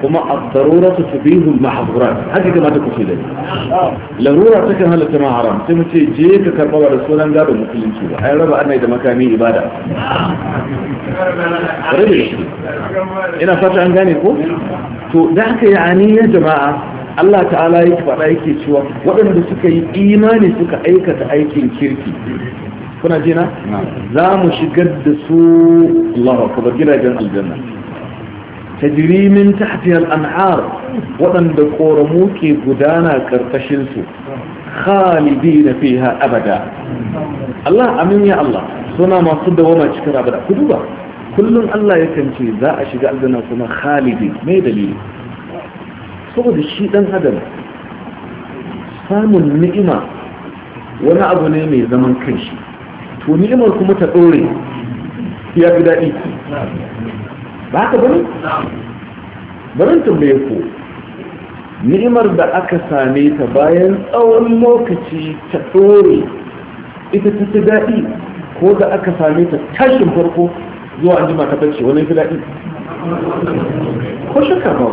kuma a darura tubihu al-mahdhurat haka kuma ta kuce dai larura ta kan halatta ma haram sai mu ce je ka karba da sunan gado musulunci ba ai raba annai da makami ibada rabe ina fata an gane ko to da haka yani ya jama'a Allah ta'ala yake faɗa yake cewa waɗanda suka yi imani suka aikata aikin kirki kuna jina za mu shigar da su Allah akbar gidajen aljanna tajirimin tafiyar tahtiha al-anhar wadanda ke gudana karkashin su khalidina fiha abada Allah amin ya Allah suna masu dawama cikin abada ku duba kullum Allah ya kance za a shiga aljanna kuma khalidi mai dalili saboda shi dan adam samun ni'ima wani abu ne mai zaman kanshi to ni'imar kuma ta dore ya fi daɗi ba bari? bane barin tambaye ku ni'imar da aka same ta bayan tsawon lokaci ta tsore ita ta fi daɗi ko da aka same ta tashin farko zuwa jima ta bace wani fi daɗi ko shakka ba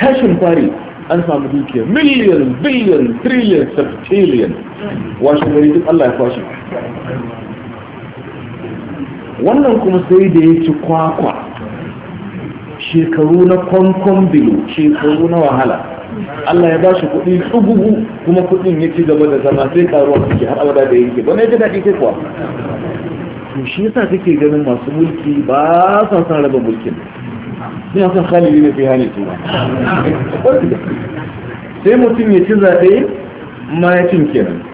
tashin fari an samu dukiya miliyan biliyan triliyan septiliyan washe gari duk allah ya kwashe wannan kuma sai da ya ci kwakwa shekaru na kwankwan bilo shekaru na wahala Allah ya ba shi kuɗi tsugugu kuma kuɗin ya ci gaba da zama sai karuwa suke har abada da yake ba na yake daɗi kai kuwa to shi yasa kake ganin masu mulki ba sa san raba mulkin a san khalili ne fi hali tuma sai mutum ya ci zaɓe ma ya cin kenan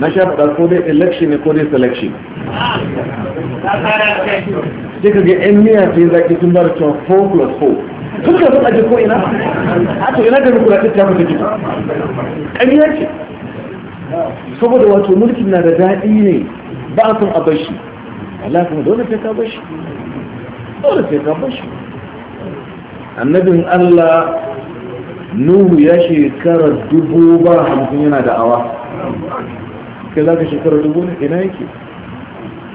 na sha faɗa ko dai election ne ko dai selection sai ka ga yan miya sai zaki tun bada cewa 4 plus 4 tun ka sun aje ko ina a to ina ga rukuna ta tafi ta jiki ƙarya ce saboda wato mulkin na da daɗi ne ba a son a shi. Allah kuma dole sai ka shi, dole sai ka shi annabin Allah Nuhu ya shekara dubu ba hamsin yana da awa. kai za ka shekarar dubu ne ina yake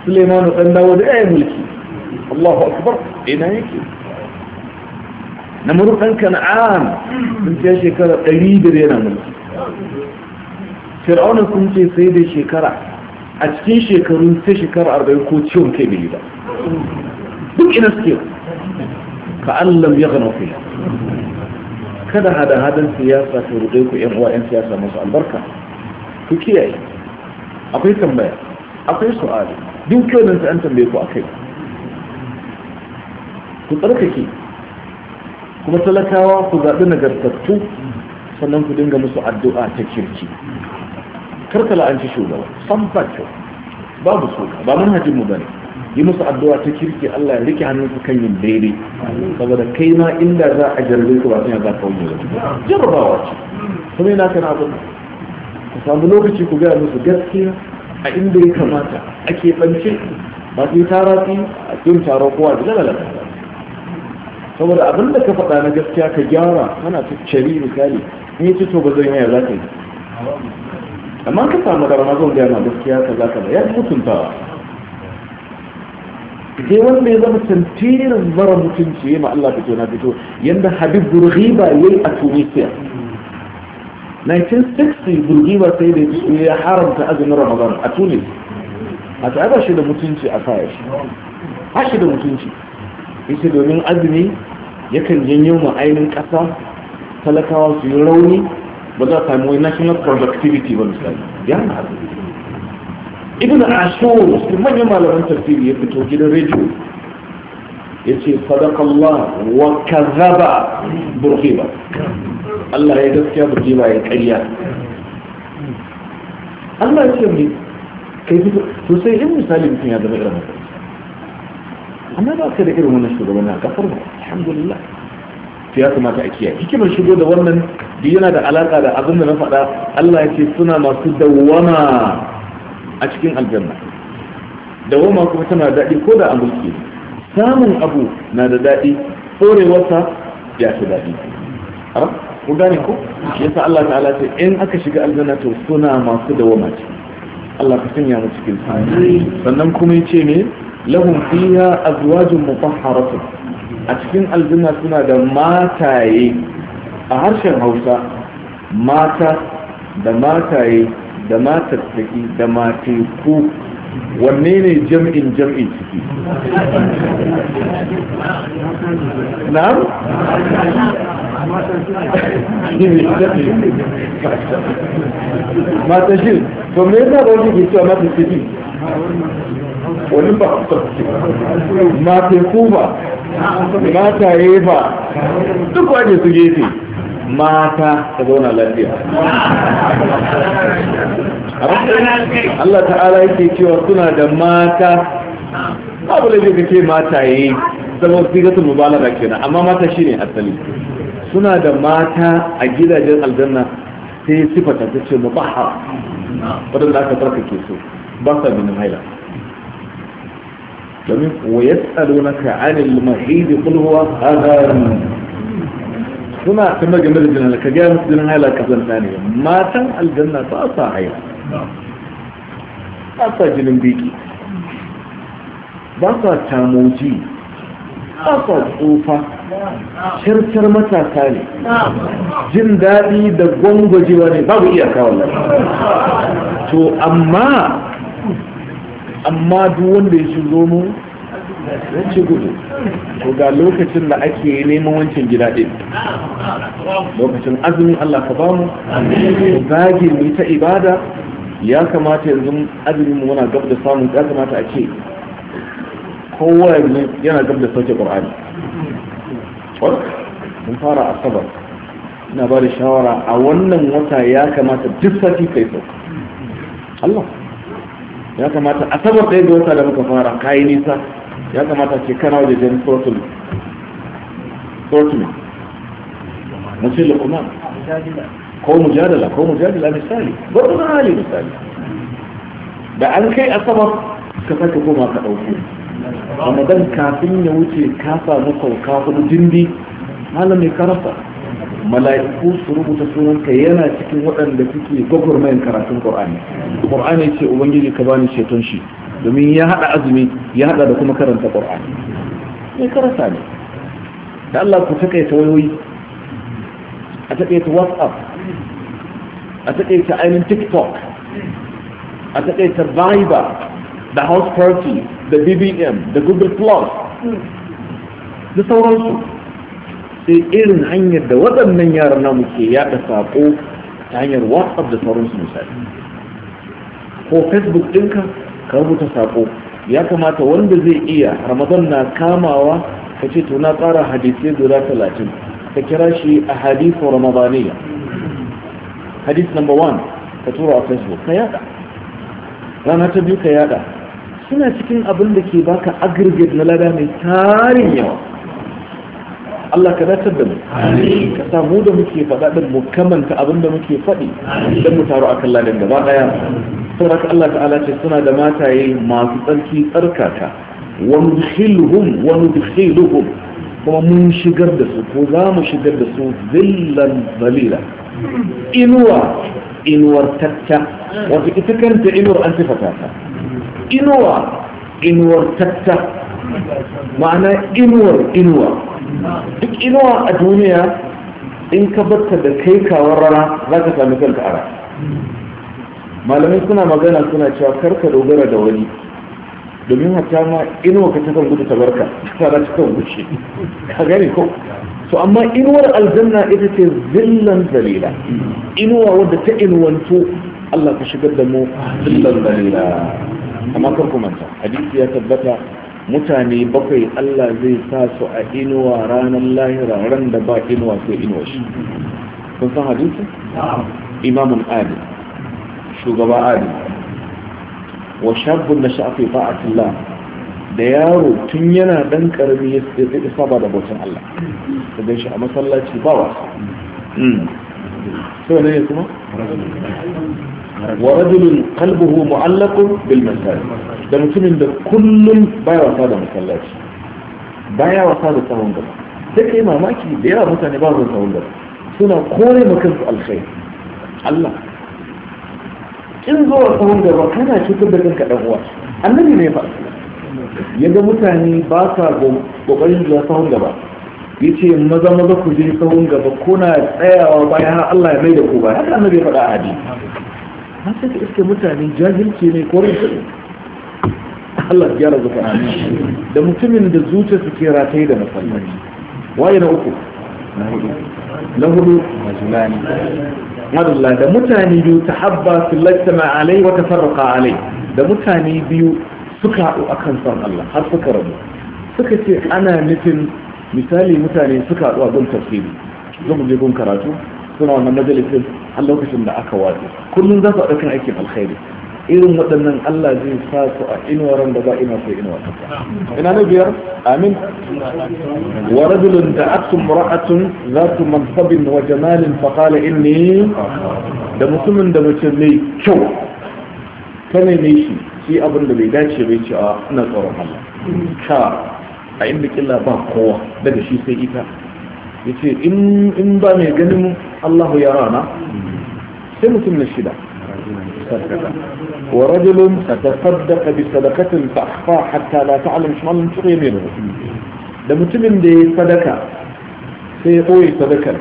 suleiman ɗan dawo da ya mulki allahu akbar ina yake na murɗan kan'an sun ce shekara ɗari da yana mulki fir'aunar sun ce sai da shekara a cikin shekarun sai shekara arba'in ko ciwon kai bai ba duk ina suke ka allam ya gano fiye kada hada-hadan siyasa ta ruɗe ku yan uwa yan siyasa masu albarka ku kiyaye akwai tambaya akwai su'ali duk kyau ta an tambaye ku akai ku tsarkake kuma talakawa ku zaɓi nagartattu sannan ku dinga musu addu'a ta kirki karka la'anci shugaba san ba babu su ba hajji mu bane yi musu addu'a ta kirki Allah ya rike hannun kan yin daidai saboda kai ma inda za a jarabe ku ba za ka wuce jarabawa ce kuma yana kana abin Ka samu lokaci ku gaya musu gaskiya a inda ya kamata a ɓance ba sai tara su a cikin taro kowa da lalata saboda abin da ka faɗa na gaskiya ka gyara kana ta cari misali in yi cuto ba zan yaya za yi amma ka samu karama zan gaya ma gaskiya ka za ka ya mutuntawa ke wanda ya zama tantirin mara mutunci ya ma Allah fito na fito yadda habib burghiba yi a tunisiya 1960 gurgiba sai da ya haramta azumin ramadan a tunis a ta shi da mutunci a kaya shi ba shi da mutunci ita domin azumi yakan janyo ma ainihin ƙasa talakawa su yi rauni ba za ta mai national productivity ba misali ya na azumi ibn ashur manyan malaman tafsiri ya fito gidan rediyo yace Allah wa kadhaba burhiba Allah ya gaskiya burhiba ya ƙarya Allah ya ce mu kai fito to sai in misali mutum ya zama irin haka amma ba ka da irin wannan shugaban na kafar ba alhamdulillah sai ya kamata a kiyaye hikimar shigo da wannan duk yana da alaka da abin da na faɗa Allah ya ce suna masu dawwama a cikin aljanna dawwama kuma tana daɗi ko da an mulki ne samun abu na da daɗi tsorewarsa ya fi daɗi ku gane ko yasa Allah ta'ala ce in aka shiga aljanna to suna masu dawama ce Allah ka sanya mu cikin sannan kuma yace ne lahum fiha azwajun mutahharatun a cikin aljanna suna da mataye a harshen Hausa mata da mataye da matattaki da mateku wanne ne jam'in jam'in ciki na'am mata shi to me yasa ba wani ke cewa mata ciki wani ba mata ku ba mata yi ba duk waje su gefe mata ta zauna lafiya Allah ta'ala yake cewa suna da mata abu da zai ce mataye zama sigatul mubalaga kenan amma mata shi ne asali suna da mata a gidajen aljanna sai sifata ta ce mubahara wadanda aka farka ke so, ba sa bin haila domin wa yas'alunaka 'anil mahidi qul huwa adhan suna kuma game da jinan ka gaya musu jinan haila ka zanta ne matan aljanna ba sa haila ba sa jinin biki ba sa tamoji ba sa tsofa. shirkar matasa ne jin daɗi da gwangwajewa ne babu iyaka wannan to amma amma duk wanda ya ci zomo ya ci gudu to ga lokacin da ake neman wancan gida ɗin lokacin azumin Allah ka bamu zagin mu ta ibada ya kamata yanzu azumin mu muna gab da samun ya kamata a ce kowa yanzu yana gab da sauke qur'ani mun fara asabar ina ba da shawara a wannan wata ya kamata duk sati kai sau Allah ya kamata asabar ɗaya da wata da muka fara kayi nisa ya kamata ce kana waje jan suratul suratul musulun kuma ko mujadala ko mujadala misali gwargwadon hali misali da an kai asabar ka sake koma ka ɗauko ramadan kafin ya wuce ka samu sauka hudu jindi malam mai karanta mala'iku su rubuta sunanka yana cikin waɗanda suke gwagwarmayin karatun qur'ani qur'ani ce ubangiji ka bani ceton shi domin ya haɗa azumi ya haɗa da kuma karanta qur'ani mai karasa ne da Allah ku takaita wayoyi a takaita whatsapp a taƙaita ainihin tiktok a taƙaita viber da house party da bbm da google plus da sauransu sai irin hanyar da waɗannan yaran namu ke yaɗa saƙo ta hanyar whatsapp da sauransu misali ko facebook ɗinka ka rubuta saƙo ya kamata wanda zai iya ramadan na kamawa ka ce to na tsara hadisai guda talatin ka kira shi a hadisu ramadaniya hadith number one ka tura a facebook ka yada rana ta biyu ka yada suna cikin abin da ke baka aggregate na lada mai tarin yawa Allah ka dace da mu ka samu da muke faɗa mu kamanta abin da muke faɗi don mu taru kan ladan gaba ɗaya. saboda Allah ta'ala ce suna da mataye masu tsarki tsarkaka wani nudkhiluhum kuma mun shigar da su ko za mu shigar da su zillan zalila inuwa inuwar tatta wato ita kanta inuwar an sifata ta inuwa inuwar tatta ma'ana inuwar inuwa duk inuwa a duniya in ka batta da kai kawar rana za ka sami kanka ara malamai suna magana suna cewa karka dogara da wani domin hatta ma inuwa ka ta kan gudu ta barka ta za ta kan wuce ka gani ko to amma inuwar aljanna ita ce zillan zalila inuwa wadda ta inuwanto Allah ka shigar da mu zillan zalila amma kar ku manta hadisi ya tabbata mutane bakwai Allah zai sa su a inuwa ranar lahira ran da ba inuwa sai inuwa shi kun san hadisi imamun adil shugaba adil wa shabbun nasha'a fi ta'atillah da yaro tun yana dan karami ya tsaye saba da bautan Allah da gan shi a masallaci ba wasa hmm. sai ne kuma wa rajulun qalbuhu mu'allaqun bil masajid da mutumin da kullum baya wasa da masallaci baya wasa da tsawon gaba sai kai mamaki da yawa mutane ba su tsawon gaba suna kore maka su alkhairi Allah kin zo tsawon gaba kana cutar da kanka dan uwa annabi ne ya faɗa yadda mutane ba sa kokarin zuwa sahun gaba ya ce maza maza ku je sahun gaba kuna tsayawa bayan har Allah ya mai da ku ba haka annabi ya faɗa a hadi har sai iske mutane jahilci ne ko rin Allah ya rabu ka da mutumin da zuciya su ke rataye da masallaci waye na uku na hudu majulani madalla da mutane biyu ta habba su laksama alai wata farraka alai da mutane biyu suka haɗu akan son Allah har suka rabu suka ce ana nufin misali mutane suka haɗu a gun tafsiri zan je gun karatu suna wannan majalisin a lokacin da aka wace kullum za su haɗu kan aikin alkhairi irin waɗannan Allah zai sa su a inuwaran da ba ina sai inuwar ina na biyar amin wa rajulun da aksum ra'atun za su mansabin wa jamalin qala inni da mutumin da mace mai kyau ta ne shi shi abin da bai dace bai ce a ina tsoron Allah ka a inda killa ba kowa daga shi sai ita ya ce in ba mai ganin Allahu ya rana sai mutum na shida wa rajulun tasaddaqa bi sadakatun fa akhfa hatta la ta'lam shimalan tuqi yaminu da mutumin da ya sadaka sai ya koyi sadakar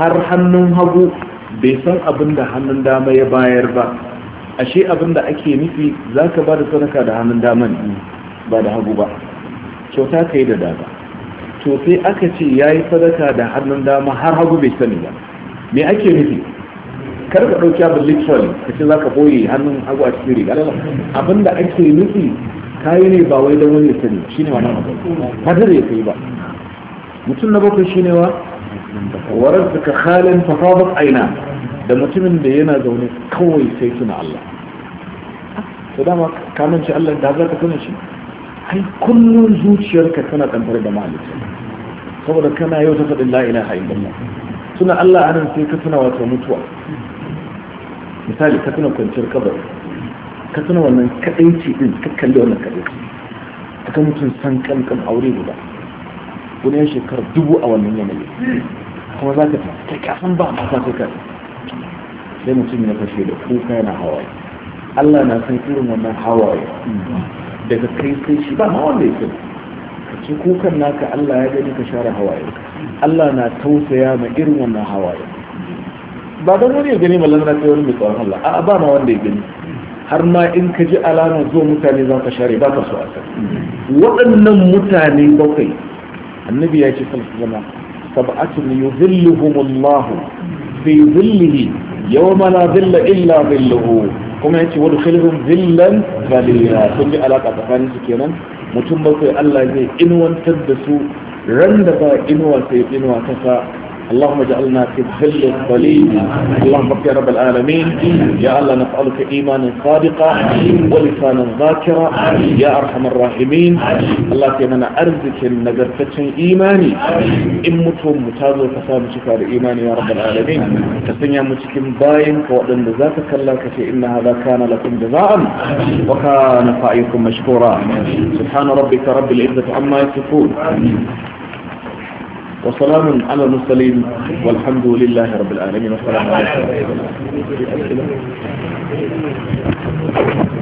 har hannun hagu bai san abin da hannun dama ya bayar ba ashe abin da ake nufi za ka ba da sadaka da hannun daman ba da hagu ba kyauta ka yi da dama to sai aka ce ya yi sadaka da hannun dama har hagu bai sani ba me ake nufi kar ka ɗauki abin literally ka ce za ka boye hannun hagu a cikin riga abin da ake nufi kayi ne ba wai don wani sani shine ne wa ba da ya kai ba mutum na bakwai shine wa warar suka halin fasabar aina da mutumin da yana zaune kawai sai suna Allah to dama kamun ci Allah da za ka sanin shi ai kullum zuciyarka tana ɗanfar da mahalicci saboda kana yau ta faɗin la'ina a illallah suna Allah anan sai ka tuna wata mutuwa misali ka tuna kwanciyar kabar ka tuna wannan kaɗaici ɗin ka kalli wannan kaɗaici ka mutum san kankan aure guda wani ya shekaru dubu a wannan yanayi kuma za ka ta kafin ba mata ta kai sai mutum ya fashe da kuka yana hawaye Allah na san irin wannan hawaye daga kai sai shi ba ma wanda ya kai ka ci kukan naka Allah ya gani ka share hawaye Allah na tausaya ma irin wannan hawaye ba don wani ya gani ba lalata ta wani mai tsawon Allah a ba ma wanda ya gani har ma in ka ji alamar zuwa mutane za ka share ba ka so a waɗannan mutane bakwai annabi ya ce sallallahu alaihi sab'atun yuzilluhumullahu fi zillihi yawma la zilla illa zilluhu kuma yace wa dukhilhum zillan zalila kun ji alaka tsakanin su kenan mutum bakwai Allah zai inuwantar da su ran da ba inuwa sai inuwa ta sa اللهم اجعلنا في ظل الظليل اللهم يا رب العالمين يا الله نسألك إيمانا صادقا ولسانا ذاكرا يا أرحم الراحمين الله يمنع أرزك نقرتك إيماني إن متهم متازو فسام شكار إيماني يا رب العالمين تسنيا متكم باين فوأدن الله كلاك إن هذا كان لكم جزاء وكان سعيكم مشكورا سبحان ربك رب العزة عما يصفون وسلام على المرسلين والحمد لله رب العالمين والسلام عليكم